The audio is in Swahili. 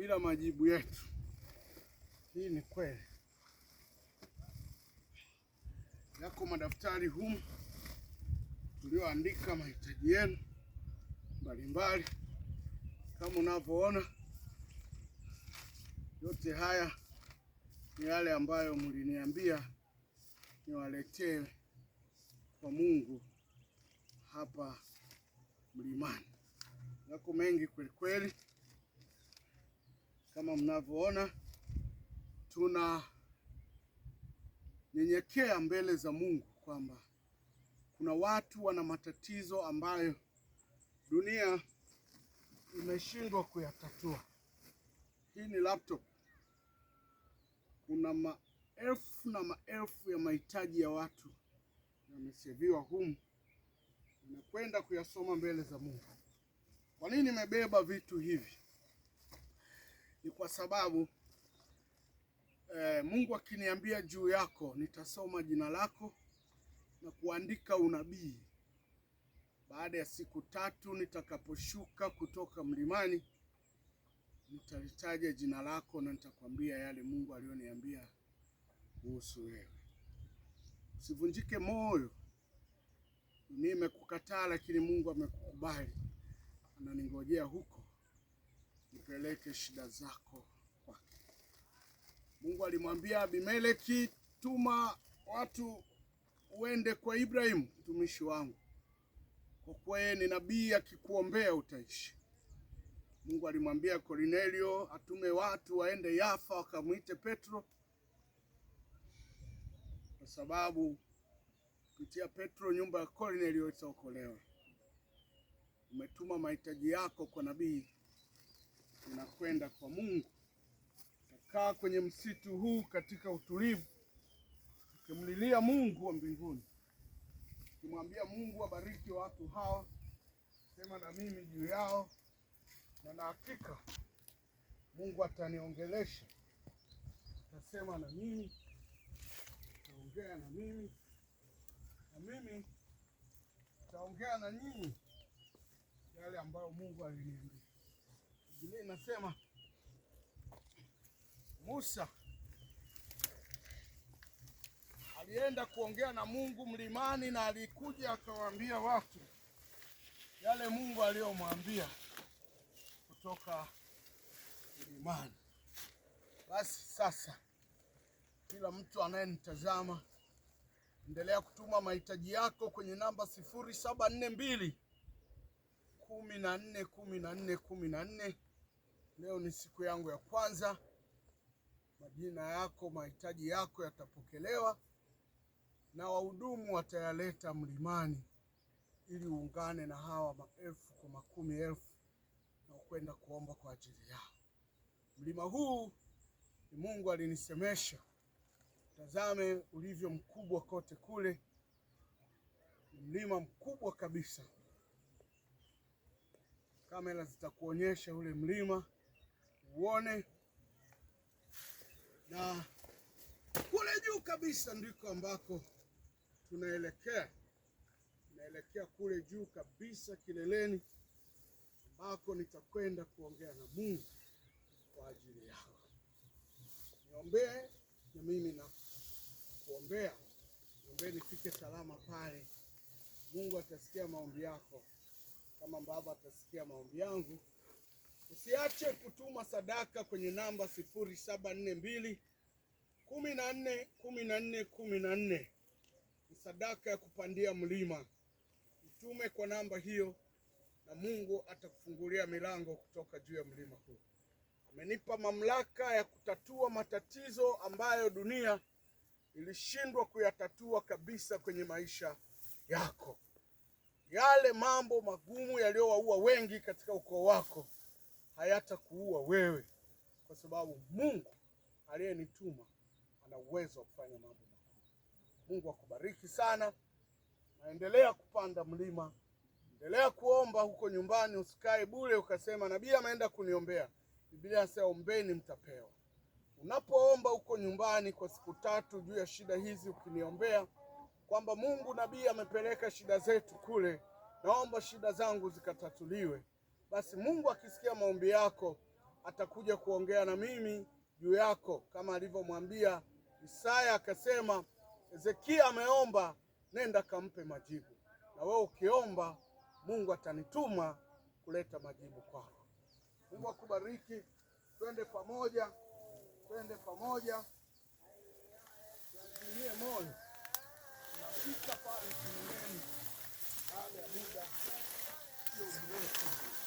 bila majibu yetu. Hii ni kweli. Yako madaftari humu tulioandika mahitaji yenu mbalimbali, kama unavyoona, yote haya ni yale ambayo mliniambia niwaletee kwa Mungu hapa mlimani. Yako mengi kweli kweli. Kama mnavyoona, tunanyenyekea mbele za Mungu kwamba kuna watu wana matatizo ambayo dunia imeshindwa kuyatatua. Hii ni laptop. Kuna maelfu na maelfu ya mahitaji ya watu yamesheviwa humu, inakwenda kuyasoma mbele za Mungu. Kwa nini nimebeba vitu hivi? ni kwa sababu eh, Mungu akiniambia juu yako nitasoma jina lako na kuandika unabii. Baada ya siku tatu nitakaposhuka kutoka mlimani, nitalitaja jina lako na nitakwambia yale Mungu aliyoniambia kuhusu wewe. Usivunjike moyo, nimekukataa, lakini Mungu amekukubali, ananingojea huko upeleke shida zako kwake. Mungu alimwambia Abimeleki, tuma watu uende kwa Ibrahimu mtumishi wangu, kwa kuwa yeye ni nabii, akikuombea utaishi. Mungu alimwambia Kornelio atume watu waende Yafa wakamwite Petro, kwa sababu kupitia Petro nyumba ya Kornelio itaokolewa. Umetuma mahitaji yako kwa nabii tunakwenda kwa Mungu. tukakaa kwenye msitu huu katika utulivu, tukimlilia Mungu wa mbinguni, tukimwambia Mungu abariki wa watu hawa, sema na mimi juu yao, na na hakika Mungu ataniongelesha, atasema na mimi, ataongea na mimi, na mimi nitaongea na nyinyi yale ambayo Mungu aliniambia. Biblia inasema Musa alienda kuongea na Mungu mlimani, na alikuja akawaambia watu yale Mungu aliyomwambia kutoka mlimani. Basi sasa, kila mtu anayenitazama endelea kutuma mahitaji yako kwenye namba sifuri saba nne mbili kumi na nne kumi na nne kumi na nne Leo ni siku yangu ya kwanza. Majina yako, mahitaji yako yatapokelewa na wahudumu watayaleta mlimani ili uungane na hawa maelfu kwa makumi elfu na ukwenda kuomba kwa ajili yao. Mlima huu ni Mungu alinisemesha, tazame ulivyo mkubwa kote kule. Ni mlima mkubwa kabisa, kamera zitakuonyesha ule mlima uone, na kule juu kabisa ndiko ambako tunaelekea. Tunaelekea kule juu kabisa kileleni, ambako nitakwenda kuongea na Mungu kwa ajili yao Niombee na mimi na kuombea, niombee nifike salama pale. Mungu atasikia maombi yako kama Baba atasikia maombi yangu. Usiache kutuma sadaka kwenye namba 0742 14 14 14. Ni sadaka ya kupandia mlima, utume kwa namba hiyo na Mungu atakufungulia milango kutoka juu ya mlima huu. Amenipa mamlaka ya kutatua matatizo ambayo dunia ilishindwa kuyatatua kabisa kwenye maisha yako, yale mambo magumu yaliyowaua wengi katika ukoo wako hayatakuua wewe, kwa sababu Mungu aliyenituma ana uwezo wa kufanya mambo makubwa. Mungu akubariki sana, naendelea kupanda mlima, endelea kuomba huko nyumbani, usikae bure ukasema nabii ameenda kuniombea. Biblia inasema ombeni mtapewa. Unapoomba huko nyumbani kwa siku tatu juu ya shida hizi, ukiniombea kwamba Mungu, nabii amepeleka shida zetu kule, naomba shida zangu zikatatuliwe basi Mungu akisikia maombi yako atakuja kuongea na mimi juu yako, kama alivyomwambia Isaya akasema, Hezekia ameomba, nenda kampe majibu. Na wewe ukiomba, Mungu atanituma kuleta majibu kwako. Mungu akubariki. Twende pamoja, twende pamoja, tuangilie moyo nafika pale baada ya muda sio mrefu.